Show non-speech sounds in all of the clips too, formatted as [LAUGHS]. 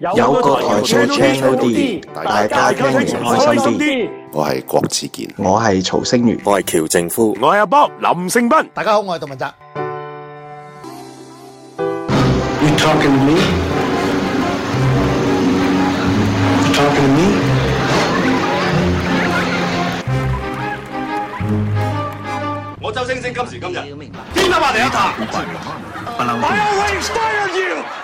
有個台唱 Channel D，大家聽完開心啲。我係郭子健，我係曹星如，我係喬正夫，我係卜林勝斌。大家好，我係杜文澤。我周星星今時今日聽到話你有錯。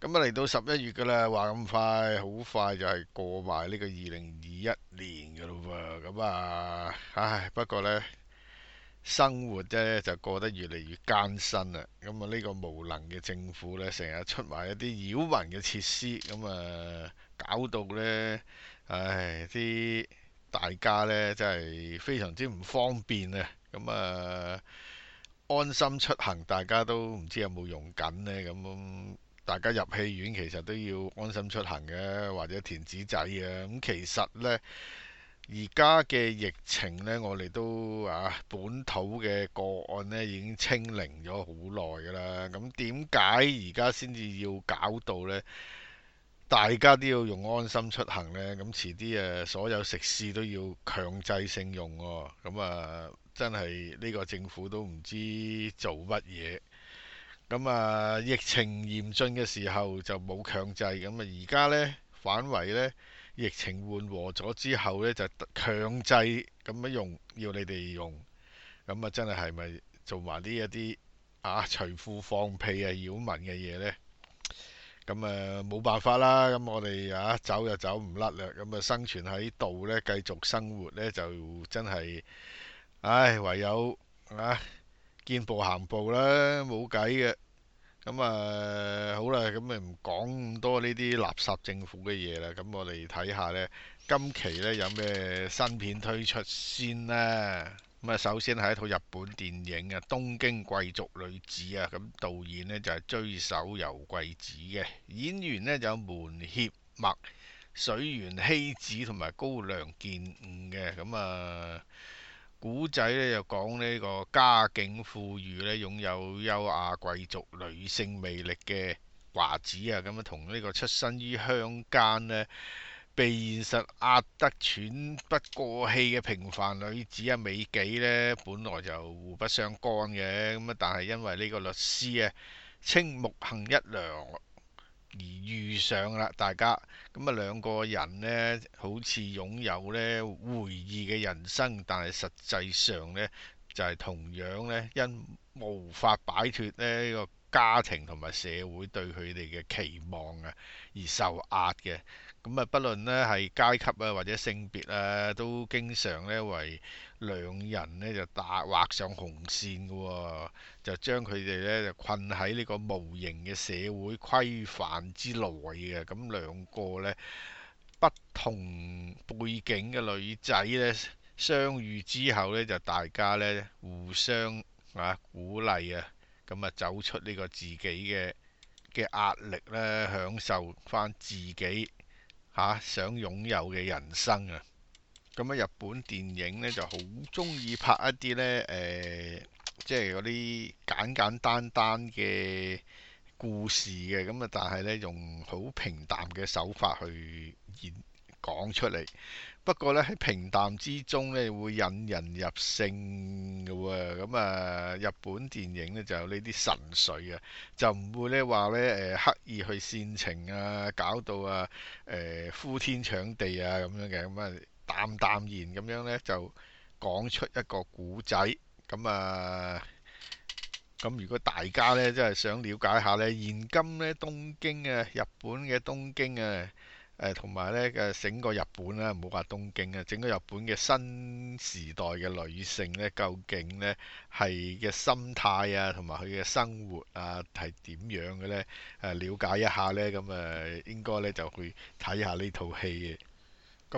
咁啊，嚟到十一月噶啦，話咁快，好快就係過埋呢個二零二一年嘅咯喎。咁啊，唉，不過呢，生活呢就過得越嚟越艱辛啊。咁啊，呢個無能嘅政府呢，成日出埋一啲擾民嘅設施，咁啊，搞到呢唉，啲大家呢，真係非常之唔方便啊。咁啊，安心出行，大家都唔知有冇用緊呢？咁、啊。大家入戲院其實都要安心出行嘅，或者填紙仔啊。咁、嗯、其實呢，而家嘅疫情呢，我哋都啊本土嘅個案呢已經清零咗好耐㗎啦。咁點解而家先至要搞到呢？大家都要用安心出行呢，咁遲啲誒，所有食肆都要強制性用喎、哦。咁、嗯、啊，真係呢個政府都唔知做乜嘢。咁、嗯、啊，疫情嚴峻嘅時候就冇強制，咁啊而家呢，反為呢，疫情緩和咗之後呢，就強制咁樣用，要你哋用，咁、嗯嗯、啊真係係咪做埋呢一啲啊除褲放屁啊擾民嘅嘢呢？咁啊冇辦法啦，咁、嗯、我哋啊走又走唔甩啦，咁、嗯、啊生存喺度呢，繼續生活呢，就真係，唉唯有啊～見步行步啦，冇計嘅。咁、嗯、啊、嗯，好啦，咁咪唔講咁多呢啲垃圾政府嘅嘢啦。咁我哋睇下呢，今期呢有咩新片推出先咧。咁、嗯、啊，首先係一套日本電影啊，《東京貴族女子》啊。咁、嗯、導演呢就係、是、追手由貴子嘅，演員呢就有門脇麥、水原希子同埋高良健吾嘅。咁、嗯、啊～、嗯嗯古仔咧就講呢個家境富裕咧，擁有優雅貴族女性魅力嘅華子啊，咁啊同呢個出身於鄉間呢，被現實壓得喘不過氣嘅平凡女子阿、啊、美紀呢本來就互不相干嘅，咁啊但係因為呢個律師啊，青木幸一良。而遇上啦，大家咁啊，兩個人咧，好似擁有咧回憶嘅人生，但係實際上咧，就係同樣咧，因無法擺脫咧呢個家庭同埋社會對佢哋嘅期望啊，而受壓嘅。咁啊，不論呢係階級啊，或者性別啊，都經常呢為兩人呢就打畫上紅線嘅喎，就將佢哋呢就困喺呢個無形嘅社會規範之內嘅。咁兩個呢不同背景嘅女仔呢相遇之後呢，就大家呢互相啊鼓勵啊，咁啊走出呢個自己嘅嘅壓力呢，享受翻自己。嚇、啊、想擁有嘅人生啊！咁啊，日本電影呢就好中意拍一啲呢，誒、呃，即係嗰啲簡簡單單嘅故事嘅，咁啊，但係呢，用好平淡嘅手法去演講出嚟。不過咧，喺平淡之中咧會引人入勝嘅喎。咁啊，日本電影咧就有呢啲神髓啊，就唔會咧話咧，誒刻意去煽情啊，搞到啊，誒、呃、呼天搶地啊咁樣嘅，咁啊，淡淡然咁樣咧就講出一個古仔，咁啊，咁如果大家咧真係想了解下咧，現今咧東京啊，日本嘅東京啊。誒同埋咧誒整個日本咧，唔好話東京啊，整個日本嘅新時代嘅女性咧，究竟咧係嘅心態啊，同埋佢嘅生活啊，係點樣嘅咧？誒、呃，了解一下咧，咁、嗯、誒應該咧就去睇下、嗯嗯、呢套戲嘅。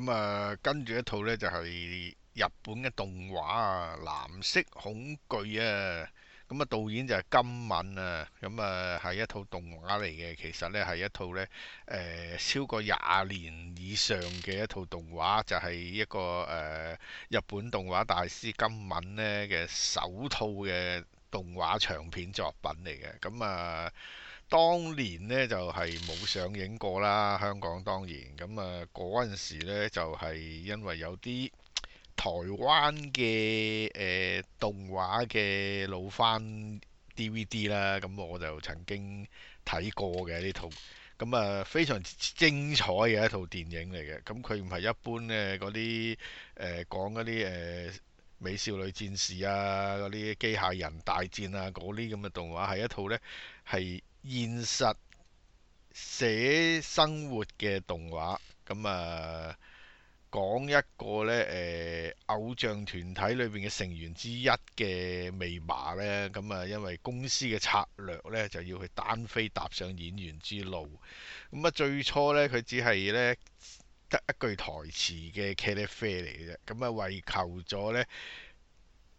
咁啊，跟住一套咧就係、是、日本嘅動畫啊，《藍色恐懼》啊。咁啊，導演就係金敏啊，咁啊係一套動畫嚟嘅，其實咧係一套咧誒、呃、超過廿年以上嘅一套動畫，就係、是、一個誒、呃、日本動畫大師金敏咧嘅首套嘅動畫長片作品嚟嘅。咁啊，當年咧就係、是、冇上映過啦，香港當然。咁啊，嗰陣時呢就係、是、因為有啲。台灣嘅誒、呃、動畫嘅老番 DVD 啦、啊，咁我就曾經睇過嘅呢套。咁啊非常精彩嘅一套電影嚟嘅，咁佢唔係一般咧嗰啲誒講嗰啲誒美少女戰士啊嗰啲機械人大戰啊嗰啲咁嘅動畫，係一套呢係現實寫生活嘅動畫，咁啊～講一個咧誒、呃、偶像團體裏邊嘅成員之一嘅未麻咧，咁、嗯、啊，因為公司嘅策略咧就要佢單飛踏上演員之路。咁、嗯、啊，最初咧佢只係咧得一句台詞嘅茄哩啡嚟嘅啫。咁、嗯、啊，為求咗咧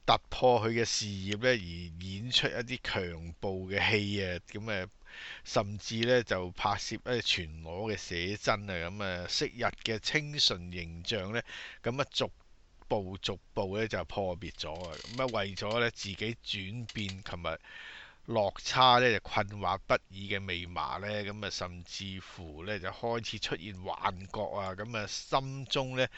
突破佢嘅事業咧而演出一啲強暴嘅戲啊，咁、嗯、啊～、嗯甚至咧就拍攝誒全裸嘅寫真啊，咁啊昔日嘅清純形象咧，咁啊逐步逐步咧就破滅咗啊！咁啊為咗咧自己轉變，琴日落差咧就困惑不已嘅未麻咧，咁啊甚至乎咧就開始出現幻覺啊！咁啊心中咧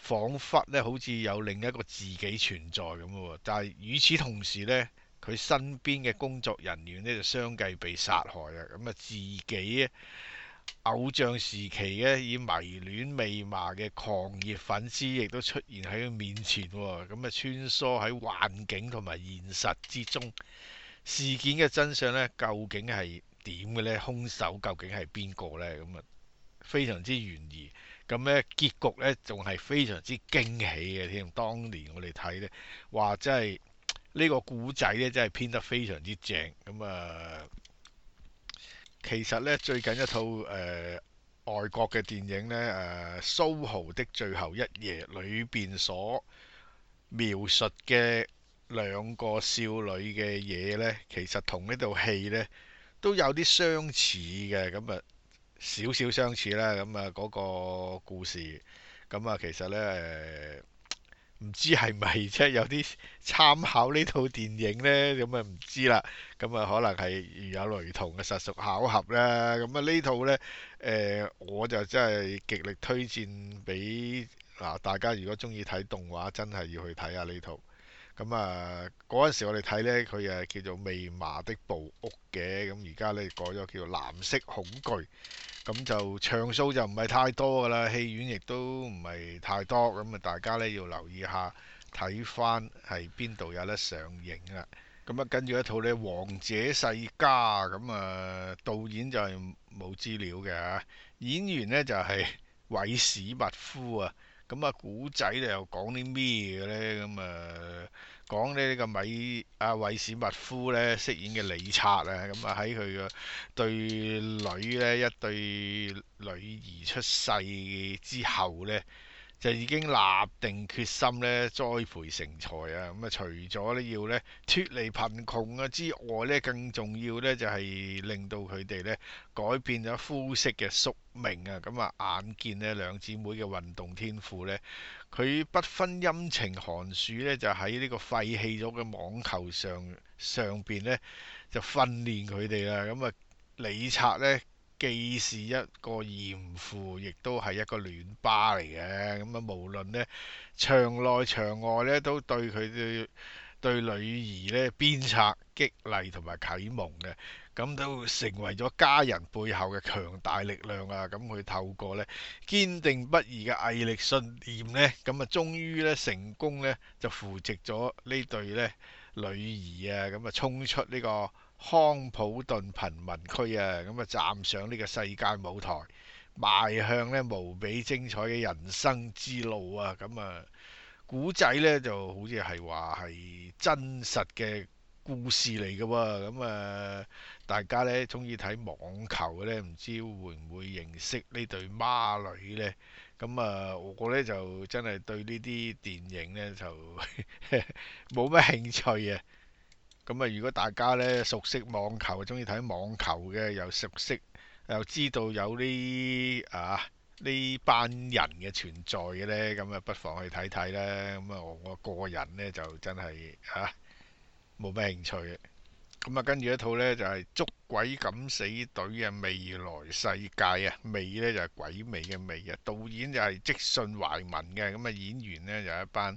彷彿咧好似有另一個自己存在咁喎、啊，但係與此同時咧。佢身邊嘅工作人員呢，就相繼被殺害喇！咁、嗯、啊，自己呢偶像時期呢，以迷戀未麻嘅狂熱粉絲亦都出現喺佢面前、哦，咁、嗯、啊穿梭喺幻境同埋現實之中。事件嘅真相呢，究竟係點嘅呢？兇手究竟係邊個呢？咁、嗯、啊非常之懸疑。咁、嗯、呢結局呢，仲係非常之驚喜嘅添、嗯。當年我哋睇呢話真係～呢個故仔咧真係編得非常之正，咁、嗯、啊，其實呢，最近一套誒、呃、外國嘅電影咧誒《蘇、呃、豪、oh、的最後一夜》裏邊所描述嘅兩個少女嘅嘢呢，其實同呢套戲呢都有啲相似嘅，咁啊少少相似啦，咁啊嗰個故事，咁、嗯、啊其實呢，呃唔知係咪啫？有啲參考呢套電影呢，咁啊唔知啦。咁啊可能係如有雷同嘅實屬巧合啦。咁啊呢套呢，誒、呃、我就真係極力推薦俾嗱大家。如果中意睇動畫，真係要去睇下呢套。咁啊，嗰陣、嗯、時我哋睇呢，佢誒叫做《未麻的部屋》嘅，咁而家呢，改咗叫《藍色恐懼》，咁、嗯、就場數就唔係太多噶啦，戲院亦都唔係太多，咁、嗯、啊大家呢，要留意下，睇翻係邊度有得上映啦。咁、嗯、啊，跟住一套咧《王者世家》，嗯，咁、嗯、啊導演就係冇資料嘅演員呢就係、是、韋史密夫啊，咁啊古仔咧又講啲咩嘅呢？咁啊～、嗯嗯講咧呢個米啊，韋史密夫呢，飾演嘅李察啊，咁啊喺佢嘅對女呢，一對女兒出世之後呢，就已經立定決心咧，栽培成才啊！咁啊，除咗咧要咧脱離貧窮啊之外咧，更重要咧就係、是、令到佢哋咧改變咗膚色嘅宿命啊！咁、嗯、啊，眼見咧兩姊妹嘅運動天賦咧，佢不分陰晴寒暑咧，就喺呢個廢棄咗嘅網球上上邊咧就訓練佢哋啦。咁、嗯、啊，李察咧。既是一個嚴父，亦都係一個暖爸嚟嘅。咁啊，無論咧場內場外咧，都對佢對女兒咧鞭策、激勵同埋啟蒙嘅。咁都成為咗家人背後嘅強大力量啊！咁佢透過呢堅定不移嘅毅力信念咧，咁啊，終於咧成功咧就扶植咗呢對咧女兒啊，咁啊，衝出呢、呢個。康普頓貧民區啊，咁啊，站上呢個世界舞台，邁向咧無比精彩嘅人生之路啊！咁啊，古仔咧就好似係話係真實嘅故事嚟㗎喎！咁啊，大家咧中意睇網球咧，唔知會唔會認識呢對孖女呢？咁啊，我咧就真係對呢啲電影咧就冇 [LAUGHS] 乜興趣啊！咁啊，如果大家呢熟悉網球，中意睇網球嘅，又熟悉又知道有呢啊呢班人嘅存在嘅呢，咁啊不妨去睇睇啦。咁啊，我個人呢就真係吓冇咩興趣嘅。咁啊，跟住一套呢就係《捉鬼敢死隊》嘅《魅來世界》啊，魅呢就係鬼魅嘅魅啊。導演就係即信懷民嘅，咁啊演員呢就一班。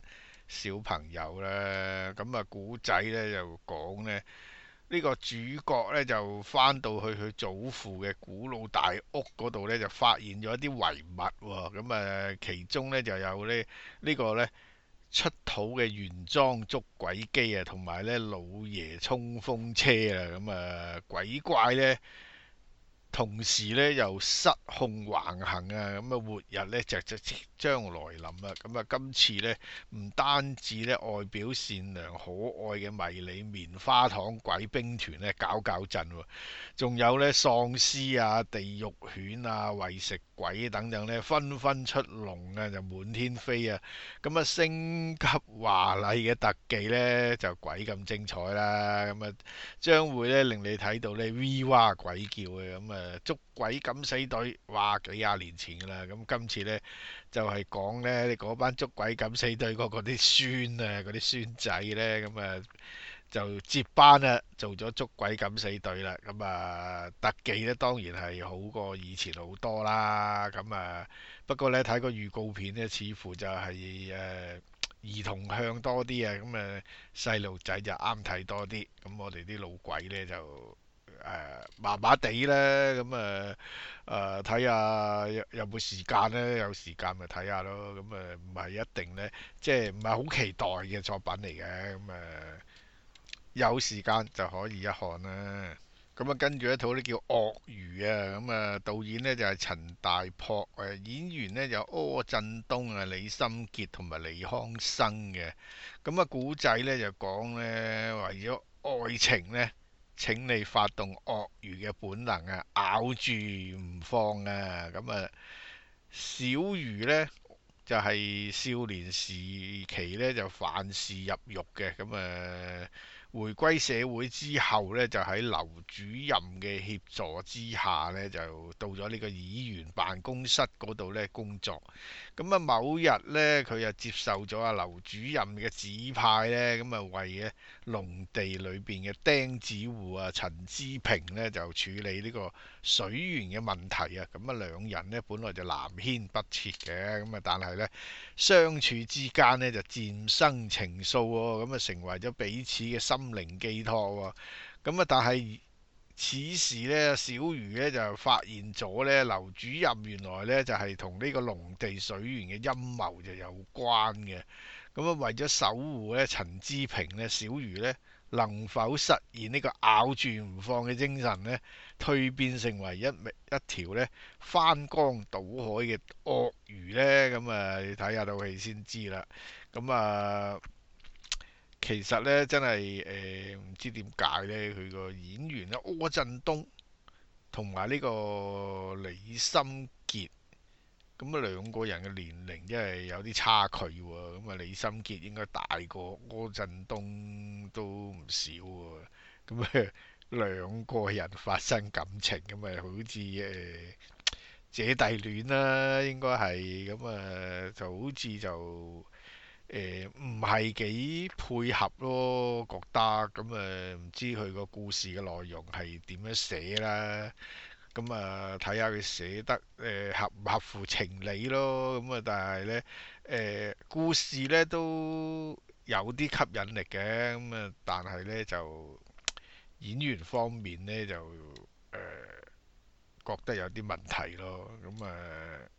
小朋友咧，咁啊古仔咧就講咧，呢、呢個主角咧就翻到去佢祖父嘅古老大屋嗰度咧，就發現咗一啲遺物喎、哦。咁啊，其中咧就有呢，呢個、呢個咧出土嘅原裝捉鬼機啊，同埋咧老爺衝鋒車啊。咁、那、啊、個、鬼怪咧～同時咧又失控橫行啊！咁啊，末日咧就即將來臨啦。咁啊，今次咧唔單止咧外表善良可愛嘅迷你棉花糖鬼兵團咧搞搞震喎，仲有咧喪屍啊、地獄犬啊、為食鬼等等咧紛紛出籠啊，就滿天飛啊！咁啊，升級華麗嘅特技咧就鬼咁精彩啦！咁啊，將會咧令你睇到咧 V 哇鬼叫嘅咁啊～捉鬼敢死隊，哇幾廿年前噶啦，咁今次呢，就係講呢你嗰班捉鬼敢死隊嗰啲孫啊，嗰啲孫仔呢，咁啊就接班啦，做咗捉鬼敢死隊啦，咁啊特技呢，當然係好過以前好多啦，咁啊不過呢，睇個預告片呢，似乎就係誒兒童向多啲啊，咁啊細路仔就啱睇多啲，咁我哋啲老鬼呢，就～誒麻麻地啦，咁啊、呃，誒睇下有有冇時間咧，有時間咪睇下咯。咁誒唔係一定咧，即係唔係好期待嘅作品嚟嘅。咁、嗯、啊、呃，有時間就可以一看啦。咁、嗯、啊，跟住一套咧叫《鱷魚》啊，咁啊，導演咧就係陳大璞，誒、呃、演員咧就柯震東啊、李心潔同埋李康生嘅。咁、嗯、啊，古仔咧就講咧，為咗愛情咧。請你發動鱷魚嘅本能啊，咬住唔放啊！咁啊，小魚呢，就係少年時期呢，就犯事入獄嘅，咁啊，回歸社會之後呢，就喺劉主任嘅協助之下呢，就到咗呢個議員辦公室嗰度呢，工作。咁啊，某日咧，佢又接受咗阿劉主任嘅指派咧，咁啊為咗農地裏邊嘅釘子戶啊陳志平咧就處理呢個水源嘅問題啊。咁啊，兩人咧本來就南牽北切嘅，咁啊但係咧相處之間咧就漸生情愫喎，咁啊成為咗彼此嘅心靈寄託喎。咁啊，但係。此時咧，小魚咧就發現咗咧，劉主任原來咧就係同呢個農地水源嘅陰謀就有關嘅。咁啊，為咗守護咧，陳志平咧，小魚咧能否實現呢個咬住唔放嘅精神咧，蛻變成為一尾一條咧翻江倒海嘅鱷魚咧？咁啊，睇下套戲先知啦。咁啊～其實咧，真係誒，唔、呃、知點解咧，佢個演員阿柯震東同埋呢個李心潔，咁啊兩個人嘅年齡，真係有啲差距喎、啊，咁、嗯、啊李心潔應該大過柯震東都唔少喎、啊，咁、嗯、啊、嗯、兩個人發生感情咁啊、嗯，好似誒、呃、姐弟戀啦、啊，應該係，咁、嗯、啊、嗯、就好似就。誒唔係幾配合咯，覺得咁誒唔知佢個故事嘅內容係點樣寫啦，咁啊睇下佢寫得誒、呃、合唔合乎情理咯，咁、嗯、啊但係呢，誒、呃、故事呢都有啲吸引力嘅，咁、嗯、啊但係呢，就演員方面呢，就誒、呃、覺得有啲問題咯，咁、嗯、誒。呃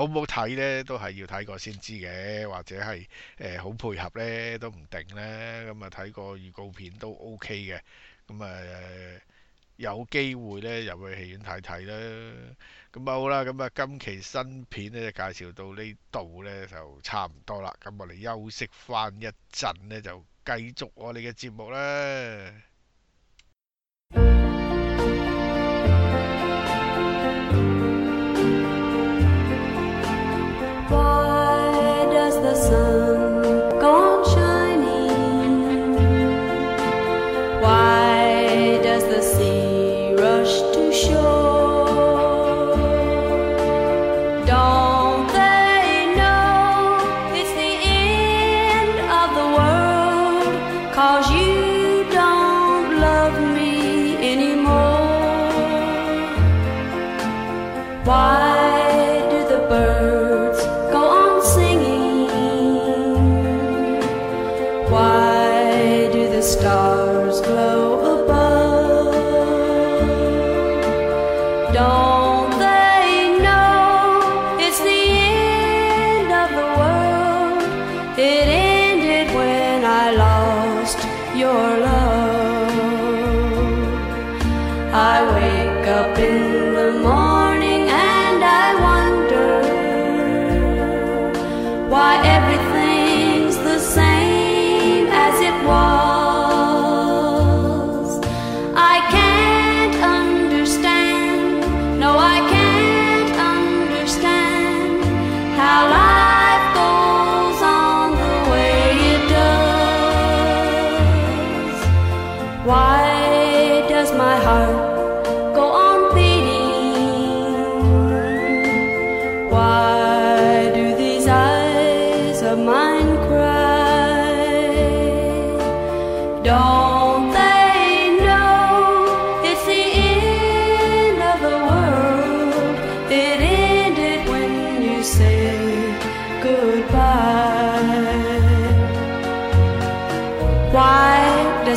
好唔好睇呢？都係要睇過先知嘅，或者係誒、呃、好配合呢？都唔定呢。咁、嗯、啊，睇個預告片都 OK 嘅。咁、嗯、啊、呃，有機會呢，入去戲院睇睇啦。咁、嗯、啊好啦，咁、嗯、啊今期新片呢，介紹到呢度呢，就差唔多啦。咁、嗯、我哋休息翻一陣呢，就繼續我哋嘅節目啦。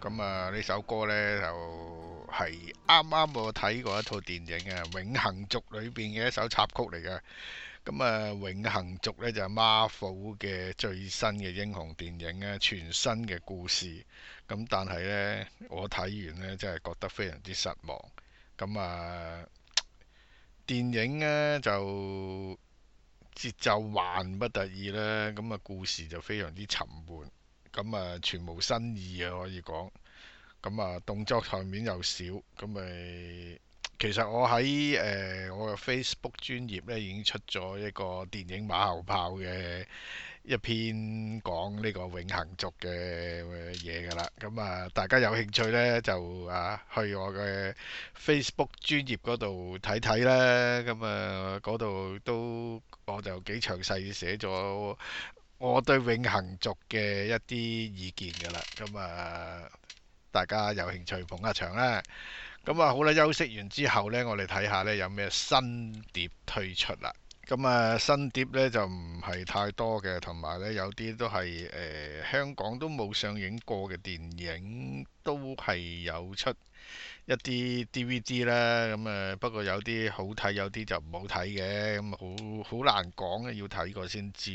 咁、嗯、啊！呢首歌呢就係啱啱我睇過一套電影啊，《永恆族》裏邊嘅一首插曲嚟嘅。咁、嗯、啊，永恆《永恆族》呢就係、是、Marvel 嘅最新嘅英雄電影啊，全新嘅故事。咁、嗯、但係呢，我睇完呢真係覺得非常之失望。咁、嗯、啊，電影呢就節奏還不得已啦。咁、嗯、啊，故事就非常之沉悶。咁啊，全無新意啊，可以講。咁啊，動作場面又少，咁咪其實我喺誒我嘅 Facebook 專頁咧，已經出咗一個電影《馬後炮》嘅一篇講呢個《永恆族》嘅嘢㗎啦。咁啊，大家有興趣咧，就啊去我嘅 Facebook 專頁嗰度睇睇啦。咁啊，嗰度都我就幾詳細寫咗。我對《永恆族》嘅一啲意見㗎啦，咁啊大家有興趣捧一場啦。咁啊，好啦，休息完之後呢，我哋睇下呢有咩新碟推出啦。咁啊，新碟呢就唔係太多嘅，同埋呢有啲都係誒、呃、香港都冇上映過嘅電影都係有出。一啲 DVD 啦，咁、嗯、啊不過有啲好睇，有啲就唔好睇嘅，咁、嗯、好好難講嘅，要睇過先知。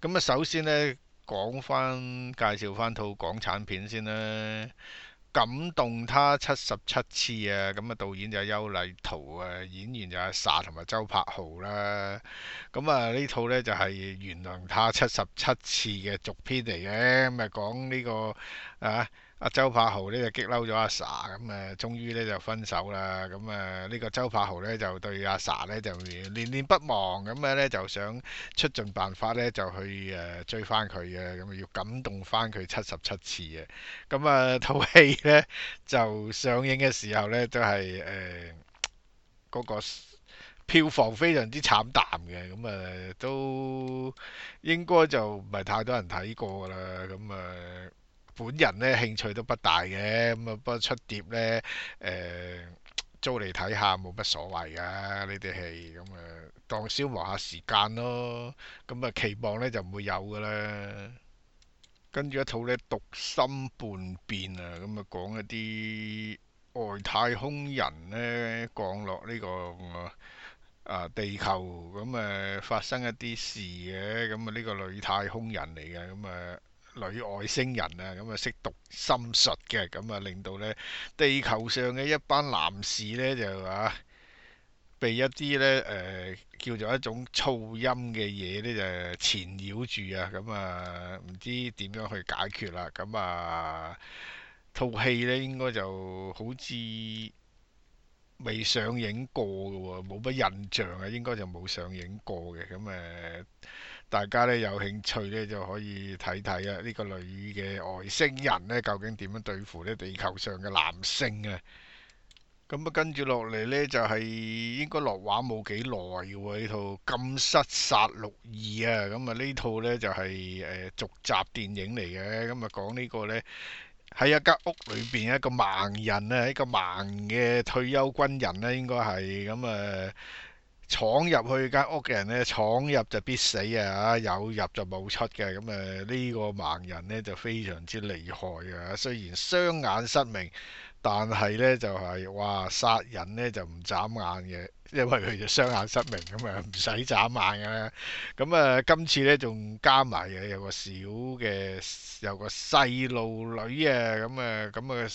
咁、嗯、啊首先呢，講翻介紹翻套港產片先啦，《感動她七十七次》啊，咁、嗯、啊導演就係邱禮濤啊，演員就係阿 Sa 同埋周柏豪啦、啊。咁啊呢套呢，就係、是《原諒他七十七次》嘅續篇嚟嘅，咁啊講呢、這個啊。阿周柏豪呢就激嬲咗阿 Sa 咁啊，終、嗯、於呢就分手啦。咁、嗯、啊，呢、呢個周柏豪呢就對阿 Sa 呢就念念不忘，咁、嗯、呢就想出盡辦法呢就去誒、啊、追翻佢嘅，咁、嗯、啊要感動翻佢七十七次嘅。咁、嗯、啊套戲呢就上映嘅時候呢都係誒嗰個票房非常之慘淡嘅，咁、嗯、啊都應該就唔係太多人睇過啦，咁、嗯、啊。本人咧興趣都不大嘅，咁啊不過出碟咧誒、呃、租嚟睇下冇乜所謂㗎呢啲戲，咁啊、嗯、當消磨下時間咯。咁、嗯、啊期望咧就唔會有㗎啦。跟住一套咧《讀心叛變》啊、嗯，咁啊講一啲外太空人咧降落呢、這個、嗯、啊地球，咁、嗯、誒發生一啲事嘅，咁啊呢個女太空人嚟嘅，咁、嗯、啊～、嗯女外星人啊，咁啊識讀心術嘅，咁、嗯、啊令到呢地球上嘅一班男士呢，就啊被一啲呢誒、呃、叫做一種噪音嘅嘢呢，就纏繞住啊，咁啊唔知點樣去解決啦，咁啊套戲呢應該就好似～未上映過嘅喎，冇乜印象啊，應該就冇上映過嘅。咁、嗯、誒，大家呢，有興趣呢就可以睇睇啊。呢、這個女嘅外星人呢，究竟點樣對付呢地球上嘅男性啊？咁、嗯、啊，跟住落嚟呢，就係、是、應該落畫冇幾耐嘅喎，呢套《禁室殺戮2》啊。咁、嗯、啊，呢套呢就係、是、誒、呃、續集電影嚟嘅。咁、嗯、啊，講呢個呢。喺一間屋裏邊一個盲人咧，一個盲嘅退休軍人咧，應該係咁啊，闖入去間屋嘅人咧，闖入就必死啊！有入就冇出嘅，咁啊，呢、這個盲人咧就非常之厲害啊！雖然雙眼失明。但係呢就係、是、哇殺人呢就唔眨眼嘅，因為佢就雙眼失明，咁啊唔使眨眼嘅。咁、嗯、啊、呃、今次呢仲加埋嘅有個小嘅有個細路女啊，咁啊，咁啊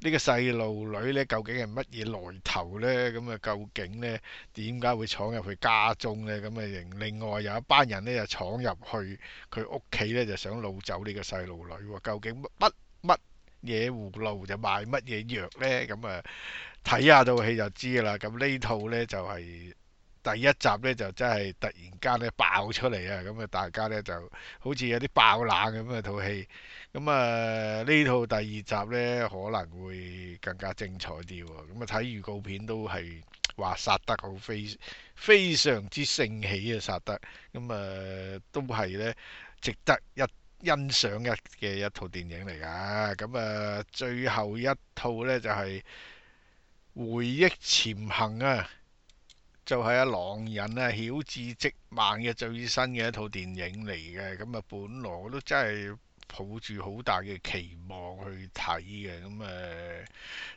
呢個細路女呢，究竟係乜嘢來頭呢？咁、嗯、啊究竟呢點解會闖入佢家中呢？咁、嗯、啊另外有一班人呢，就闖入去佢屋企呢，就想攞走呢個細路女喎，究竟乜乜野葫蘆就賣乜嘢藥呢？咁啊，睇下套戲就知啦。咁呢套呢，就係第一集呢，就真係突然間咧爆出嚟啊！咁啊，大家呢，就好似有啲爆冷咁啊套戲。咁啊呢套第二集呢，可能會更加精彩啲喎。咁啊睇預告片都係話殺得好非非常之勝起啊殺得。咁啊都係呢，值得一欣賞一嘅一套電影嚟嘅，咁啊最後一套呢，就係《回憶潛行》啊，就係啊，狼人啊、曉治積曼嘅最新嘅一套電影嚟嘅。咁啊，本來我都真係抱住好大嘅期望去睇嘅，咁啊，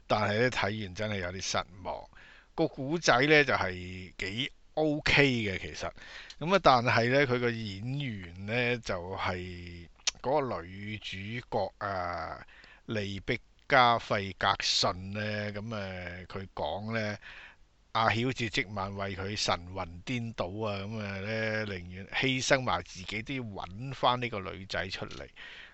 但係咧睇完真係有啲失望。個古仔呢，就係幾 OK 嘅，其實咁啊，但係呢，佢個演員呢，就係。嗰個女主角啊，利碧加費格遜呢，咁、嗯呃、啊，佢講呢，阿曉治積曼為佢神魂顛倒啊，咁啊呢寧願犧牲埋自己都要揾翻呢個女仔出嚟。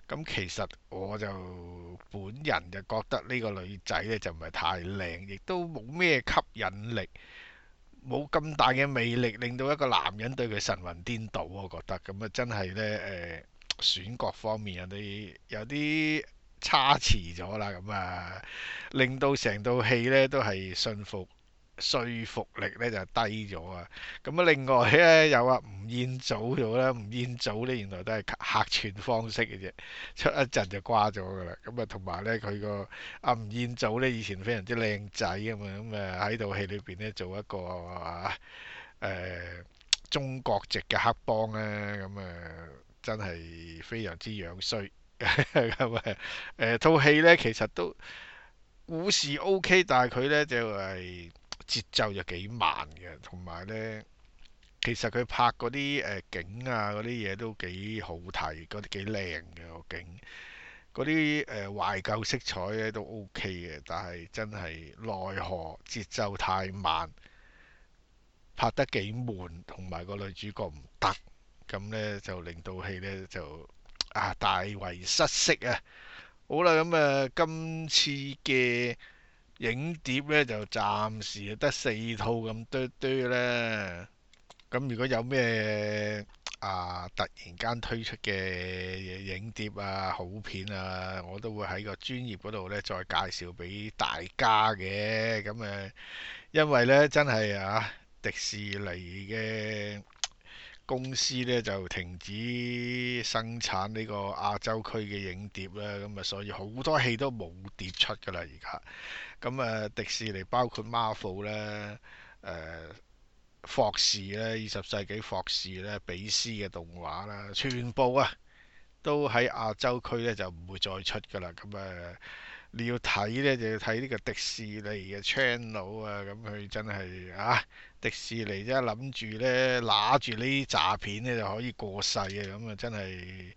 咁、嗯、其實我就本人就覺得呢個女仔呢，就唔係太靚，亦都冇咩吸引力，冇咁大嘅魅力，令到一個男人對佢神魂顛倒。我覺得咁啊、嗯，真係呢。誒、呃。選角方面，有啲有啲差池咗啦，咁啊，令到成套戲咧都係信服，說服力咧就低咗啊。咁啊，另外咧有啊吳彥祖咗咧，吳彥祖咧原來都係客串方式嘅啫，出一陣就瓜咗噶啦。咁啊，同埋咧佢個啊吳彥祖咧以前非常之靚仔㗎嘛，咁啊喺套戲裏邊咧做一個誒、啊啊呃、中國籍嘅黑幫咧，咁啊～真係非常之樣衰、 [LAUGHS] 呃，係咪？套戲呢其實都故事 O K，但係佢呢就係節奏就幾慢嘅，同埋呢，其實佢、OK, 就是、拍嗰啲誒景啊嗰啲嘢都幾好睇，嗰啲幾靚嘅個景，嗰啲誒懷舊色彩咧都 O K 嘅，但係真係奈何節奏太慢，拍得幾悶，同埋個女主角唔得。咁呢就令到戲呢就啊大為失色啊！好啦，咁啊今次嘅影碟呢就暫時得四套咁多啲啦。咁如果有咩啊突然間推出嘅影碟啊好片啊，我都會喺個專頁嗰度呢再介紹俾大家嘅。咁啊，因為呢真係啊迪士尼嘅。公司咧就停止生產呢個亞洲區嘅影碟啦，咁、嗯、啊，所以好多戲都冇碟出㗎啦，而家。咁啊，迪士尼包括 Marvel 咧、誒霍士咧、二十世紀霍士咧、比斯嘅動畫啦，全部啊都喺亞洲區咧就唔會再出㗎啦。咁、嗯、啊，你、嗯、要睇咧就要睇呢個迪士尼嘅 Channel 啊，咁、嗯、佢真係啊～迪士尼啫，諗住咧揦住呢啲詐騙咧就可以過世啊！咁啊真係，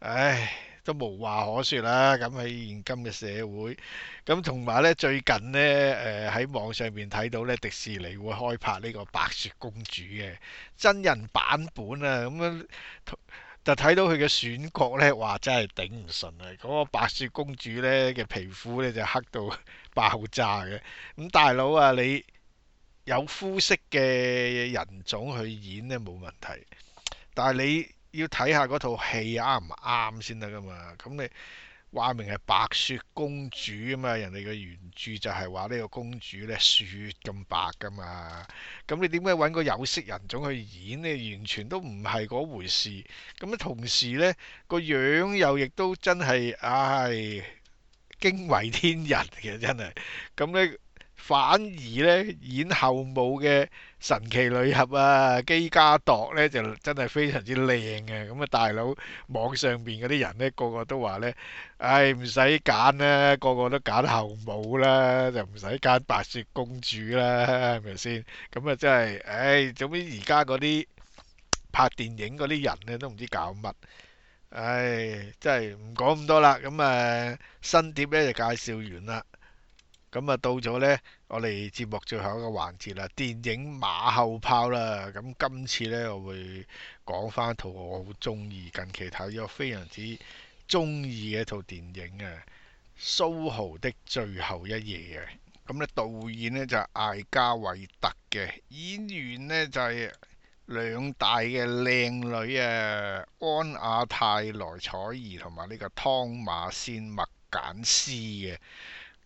唉，都無話可説啦。咁喺現今嘅社會，咁同埋咧最近咧誒喺網上面睇到咧迪士尼會開拍呢個白雪公主嘅真人版本啊！咁樣就睇到佢嘅選角咧，哇！真係頂唔順啊！嗰、那個白雪公主咧嘅皮膚咧就黑到爆炸嘅。咁大佬啊，你～有膚色嘅人種去演呢，冇問題，但係你要睇下嗰套戲啱唔啱先得噶嘛？咁、嗯、你話明係白雪公主啊嘛？人哋嘅原著就係話呢個公主呢雪咁白噶嘛？咁、嗯、你點解揾個有色人種去演呢？完全都唔係嗰回事。咁、嗯、同時呢個樣又亦都真係啊驚為天人嘅真係。咁、嗯、呢。嗯反而呢演後母嘅神奇女俠啊，基加朵呢就真係非常之靚嘅。咁啊，大佬網上邊嗰啲人呢個個都話咧，唉唔使揀啦，個個都揀後母啦，就唔使揀白雪公主啦，係咪先？咁啊真係，唉，總之而家嗰啲拍電影嗰啲人呢都唔知搞乜。唉，真係唔講咁多啦。咁啊新碟呢就介紹完啦。咁啊到咗呢。我哋節目最後一個環節啦，電影《馬後炮》啦。咁今次呢，我會講翻套我好中意、近期睇咗非常之中意嘅一套電影啊，《蘇豪的最後一夜》啊。咁、嗯、咧，導演呢，就係、是、艾加韋特嘅，演員呢，就係、是、兩大嘅靚女啊，安雅泰萊彩兒同埋呢個湯瑪仙、麥簡斯嘅。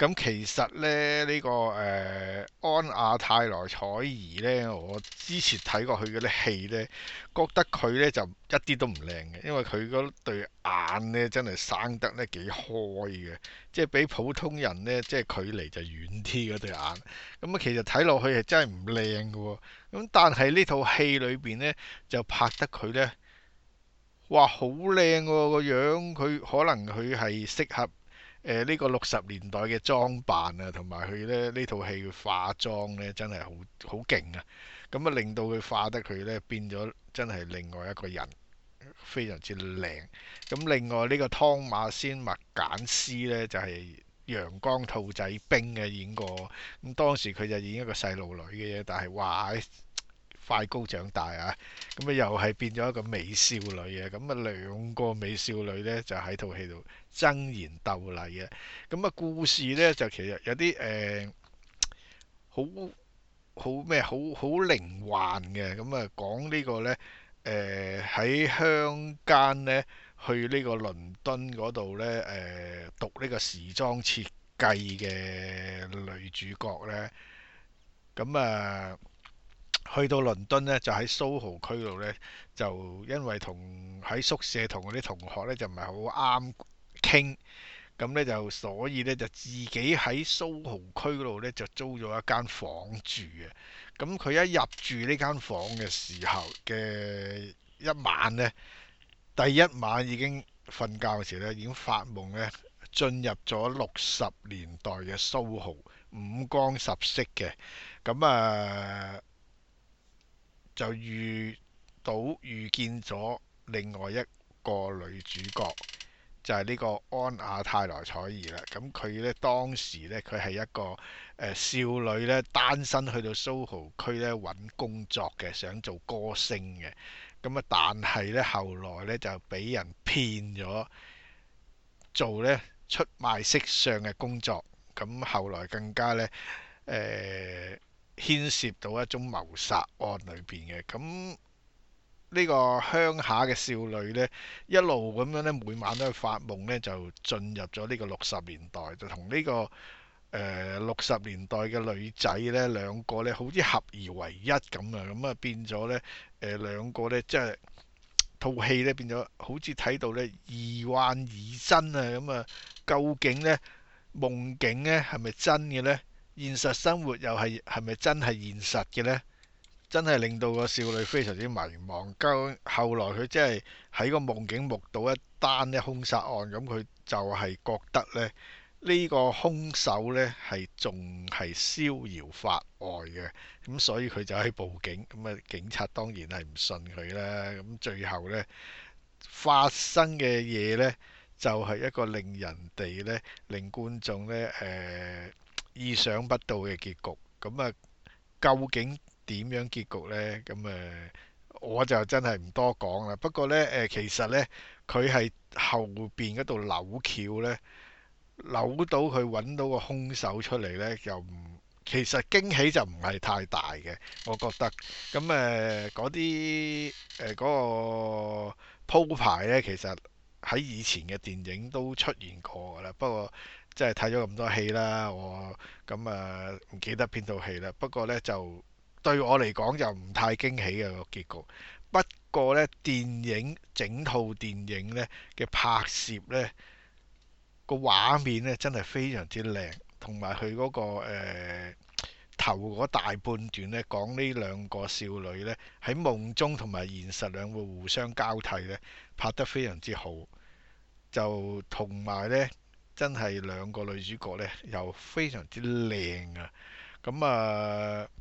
咁其實咧，呢、這個誒、呃、安亞泰來彩兒呢，我之前睇過佢嗰啲戲呢，覺得佢呢就一啲都唔靚嘅，因為佢嗰對眼呢真係生得呢幾開嘅，即係比普通人呢，即係距離就遠啲嗰對眼。咁啊，其實睇落去係真係唔靚嘅喎。咁但係呢套戲裏邊呢，就拍得佢呢，哇，好靚喎個樣，佢可能佢係適合。誒呢、呃這個六十年代嘅裝扮啊，同埋佢咧呢套戲化妝呢，真係好好勁啊！咁、嗯、啊，令到佢化得佢呢變咗真係另外一個人，非常之靚。咁、嗯、另外呢個湯馬仙麥簡斯呢，就係、是、陽光兔仔兵嘅演過。咁、嗯、當時佢就演一個細路女嘅，但係哇、哎，快高長大啊！咁、嗯、啊，又係變咗一個美少女啊！咁、嗯、啊，兩個美少女呢，就喺套戲度。爭妍鬥麗嘅，咁、那、啊、個、故事呢，就其實有啲誒、呃，好好咩好好靈幻嘅。咁、嗯、啊講呢個呢，誒、呃、喺鄉間呢，去呢個倫敦嗰度呢，誒、呃、讀呢個時裝設計嘅女主角呢。咁、嗯、啊、呃、去到倫敦呢，就喺 Soho 區度呢，就因為同喺宿舍同嗰啲同學呢，就唔係好啱。傾咁咧就，所以咧就自己喺蘇豪區度咧就租咗一間房住嘅。咁佢一入住呢間房嘅時候嘅一晚咧，第一晚已經瞓覺嘅時候咧已經發夢咧，進入咗六十年代嘅蘇豪五光十色嘅咁啊，就遇到遇見咗另外一個女主角。就係呢個安亞泰萊采兒啦，咁佢呢當時呢，佢係一個、呃、少女呢單身去到蘇豪區呢揾工作嘅，想做歌星嘅，咁啊但係呢後來呢，就俾人騙咗，做呢出賣色相嘅工作，咁、嗯、後來更加呢誒牽、呃、涉到一宗謀殺案裏邊嘅，咁、嗯。呢個鄉下嘅少女呢，一路咁樣呢每晚都發夢呢就進入咗呢個六十年代，就同呢個誒六十年代嘅女仔呢兩個呢好似合而為一咁啊，咁啊變咗呢誒兩個呢，即係套戲呢變咗，好似睇到呢疑幻疑真啊，咁啊，究竟呢夢境呢係咪真嘅呢？現實生活又係係咪真係現實嘅呢？真係令到個少女非常之迷茫。咁後來佢真係喺個夢境目睹一單咧兇殺案，咁、嗯、佢就係覺得咧呢、這個兇手呢係仲係逍遙法外嘅，咁、嗯、所以佢就喺報警。咁、嗯、啊，警察當然係唔信佢啦。咁、嗯、最後呢發生嘅嘢呢，就係、是、一個令人哋呢、令觀眾呢誒、呃、意想不到嘅結局。咁、嗯、啊、嗯，究竟點樣結局呢？咁、嗯、誒，我就真係唔多講啦。不過呢，誒、呃、其實呢，佢喺後邊嗰度扭橋呢扭到佢揾到個兇手出嚟呢，又唔其實驚喜就唔係太大嘅，我覺得。咁誒嗰啲誒嗰個鋪排呢，其實喺以前嘅電影都出現過㗎啦。不過即係睇咗咁多戲啦，我咁、嗯、啊唔記得邊套戲啦。不過呢，就～對我嚟講就唔太驚喜嘅個結局，不過呢，電影整套電影呢嘅拍攝呢個畫面呢，真係非常之靚，同埋佢嗰個誒、呃、頭嗰大半段呢，講呢兩個少女呢喺夢中同埋現實兩個互相交替呢，拍得非常之好，就同埋呢，真係兩個女主角呢，又非常之靚啊！咁、嗯、啊～、呃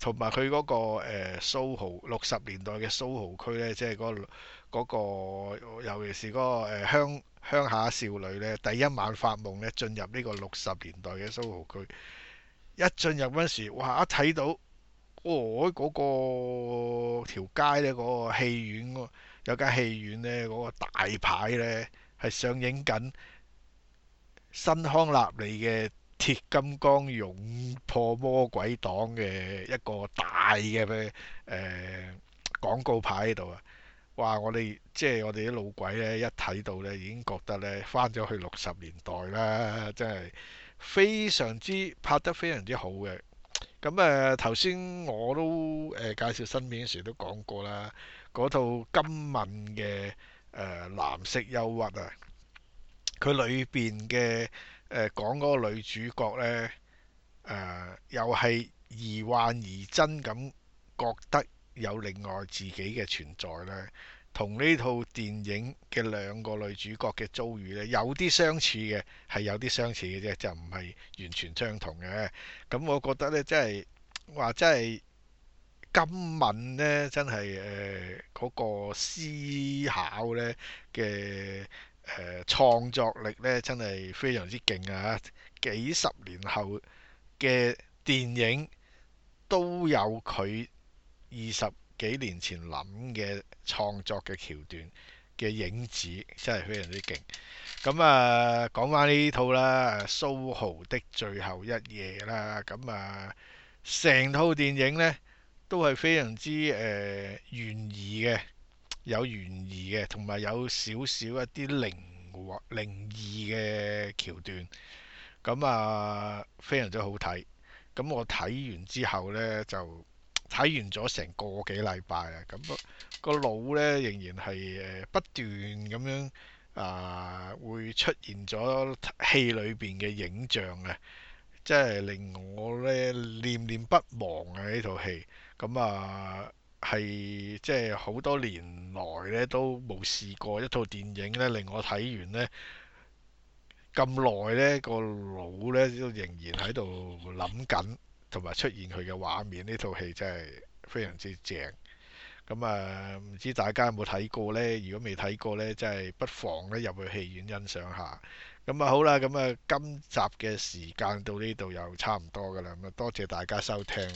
同埋佢嗰個誒蘇豪六十年代嘅蘇豪區咧，即係嗰個嗰個，尤其是嗰個誒鄉鄉下少女咧，第一晚發夢咧，進入呢個六十年代嘅蘇豪區。一進入嗰陣時，哇！一睇到我嗰個，哦嗰個條街咧，嗰個戲院，有間戲院咧，嗰個大牌咧係上映緊辛康納利嘅。鐵金剛勇破魔鬼黨嘅一個大嘅誒、呃、廣告牌喺度啊！哇！我哋即係我哋啲老鬼咧，一睇到咧已經覺得咧翻咗去六十年代啦，真係非常之拍得非常之好嘅。咁誒頭先我都誒、呃、介紹新片嘅時都講過啦，嗰套金敏嘅誒《藍色憂鬱》啊，佢裏邊嘅。誒、呃、講嗰個女主角呢，誒、呃、又係疑幻疑真咁覺得有另外自己嘅存在呢。同呢套電影嘅兩個女主角嘅遭遇呢，有啲相似嘅，係有啲相似嘅啫，就唔係完全相同嘅。咁、嗯、我覺得呢，即係話真係今敏呢，真係誒嗰個思考呢嘅。誒、呃、創作力咧真係非常之勁啊！幾十年後嘅電影都有佢二十幾年前諗嘅創作嘅橋段嘅影子，真係非常之勁。咁啊，講翻呢套啦，《蘇豪的最後一夜》啦，咁、嗯、啊，成套電影呢都係非常之誒、呃、懸疑嘅。有懸疑嘅，同埋有少少一啲靈活靈異嘅橋段，咁啊，非常之好睇。咁我睇完之後呢，就睇完咗成個幾禮拜啊。咁個腦呢，仍然係不斷咁樣啊、呃，會出現咗戲裏邊嘅影像啊，即係令我呢念念不忘啊呢套戲。咁啊～係即係好多年來，咧，都冇試過一套電影咧，令我睇完咧，咁耐咧，個腦咧，都仍然喺度諗緊同埋出現佢嘅畫面，呢套戲真係非常之正。咁啊唔知大家有冇睇過呢？如果未睇過咧，真係不妨咧入去戲院欣賞下。咁、嗯、啊好啦，咁、嗯、啊今集嘅時間到呢度又差唔多噶啦，咁啊多謝大家收聽。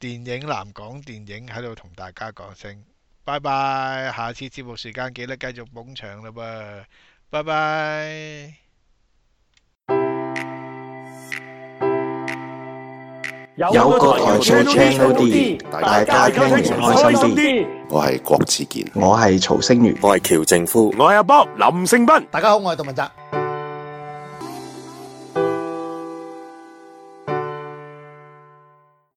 電影男講電影喺度同大家講聲拜拜，下次節目時間記得繼續捧場啦噃，拜拜。有個台做 channel D，大家聽完開心啲。我係郭子健，我係曹星如，我係喬正夫，我係阿 Bob 林勝斌，大家好，我係杜汶澤。